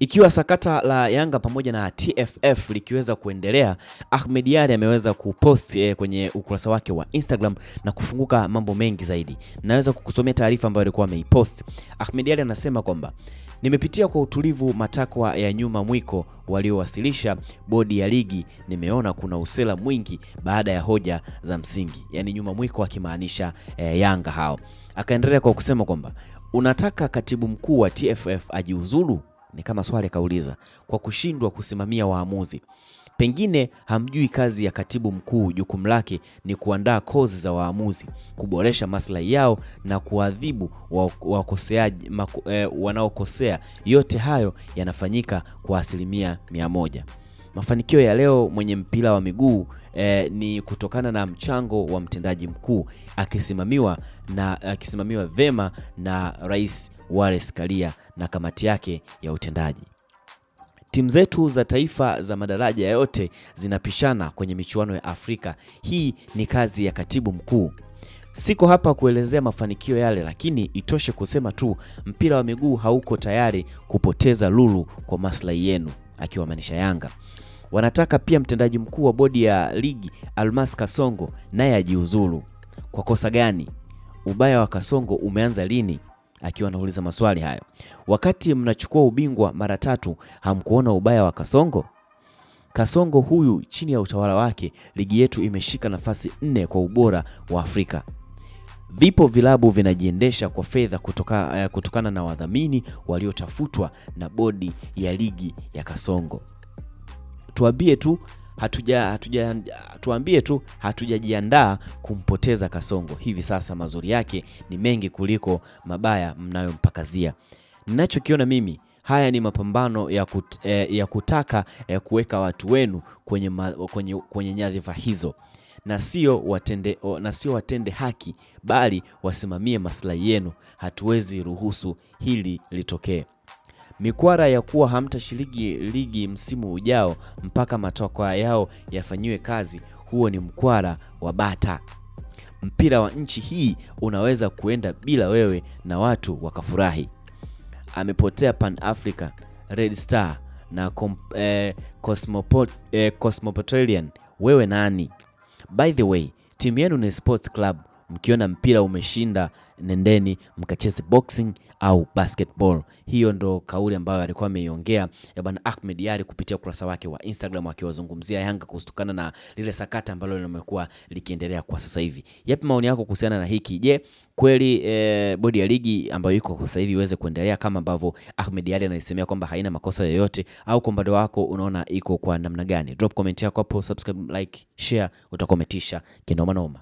Ikiwa sakata la Yanga pamoja na TFF likiweza kuendelea, Ahmed Yari ameweza kupost eh, kwenye ukurasa wake wa Instagram na kufunguka mambo mengi zaidi. Naweza kukusomea taarifa ambayo alikuwa ameipost. Ahmed Yari anasema kwamba nimepitia kwa utulivu matakwa ya nyuma mwiko waliowasilisha bodi ya ligi. Nimeona kuna usela mwingi baada ya hoja za msingi, yaani nyuma mwiko akimaanisha eh, Yanga hao. Akaendelea kwa kusema kwamba unataka katibu mkuu wa TFF ajiuzulu? ni kama swali akauliza, kwa kushindwa kusimamia waamuzi. Pengine hamjui kazi ya katibu mkuu, jukumu lake ni kuandaa kozi za waamuzi, kuboresha maslahi yao na kuadhibu wakoseaji e, wanaokosea. Yote hayo yanafanyika kwa asilimia mia moja. Mafanikio ya leo mwenye mpira wa miguu eh, ni kutokana na mchango wa mtendaji mkuu akisimamiwa na akisimamiwa vema na Rais Wallace Karia na kamati yake ya utendaji. Timu zetu za taifa za madaraja yote zinapishana kwenye michuano ya Afrika. Hii ni kazi ya katibu mkuu. Siko hapa kuelezea mafanikio yale, lakini itoshe kusema tu mpira wa miguu hauko tayari kupoteza lulu kwa maslahi yenu, akiwa maanisha Yanga. Wanataka pia mtendaji mkuu wa bodi ya ligi Almas Kasongo naye ajiuzulu. Kwa kosa gani? ubaya wa Kasongo umeanza lini? Akiwa anauliza maswali hayo. Wakati mnachukua ubingwa mara tatu, hamkuona ubaya wa Kasongo? Kasongo huyu chini ya utawala wake ligi yetu imeshika nafasi nne kwa ubora wa Afrika. Vipo vilabu vinajiendesha kwa fedha kutoka, eh, kutokana na wadhamini waliotafutwa na bodi ya ligi ya Kasongo. Tuambie tu hatuja, hatuja tuambie tu hatujajiandaa kumpoteza Kasongo. Hivi sasa mazuri yake ni mengi kuliko mabaya mnayompakazia. Ninachokiona mimi haya ni mapambano ya, kut, eh, ya kutaka eh, kuweka watu wenu kwenye, kwenye, kwenye nyadhifa hizo na sio watende, na sio watende haki bali wasimamie maslahi yenu. Hatuwezi ruhusu hili litokee. Mikwara ya kuwa hamtashiriki ligi msimu ujao mpaka matakwa yao yafanyiwe kazi, huo ni mkwara wa bata. Mpira wa nchi hii unaweza kuenda bila wewe na watu wakafurahi. Amepotea Pan Africa, Red Star na kom, eh, eh, Wewe nani? By the way, timu yenu ni Sports Club mkiona mpira umeshinda, nendeni mkacheze boxing au basketball. Hiyo ndo kauli ambayo alikuwa ameiongea eh, bwana Ahmed Yari kupitia ukurasa wake wa Instagram akiwazungumzia Yanga kutokana na lile sakata ambalo limekuwa likiendelea kwa sasa hivi. Yapi maoni yako kuhusiana na hiki? Je, kweli e, bodi ya ligi ambayo iko sasa hivi iweze kuendelea kama ambavyo Ahmed Yari anaisemea kwamba haina makosa yoyote, au kwa upande wako unaona iko kwa namna gani? Drop comment yako hapo, subscribe, like, share, utakometisha kinoma noma.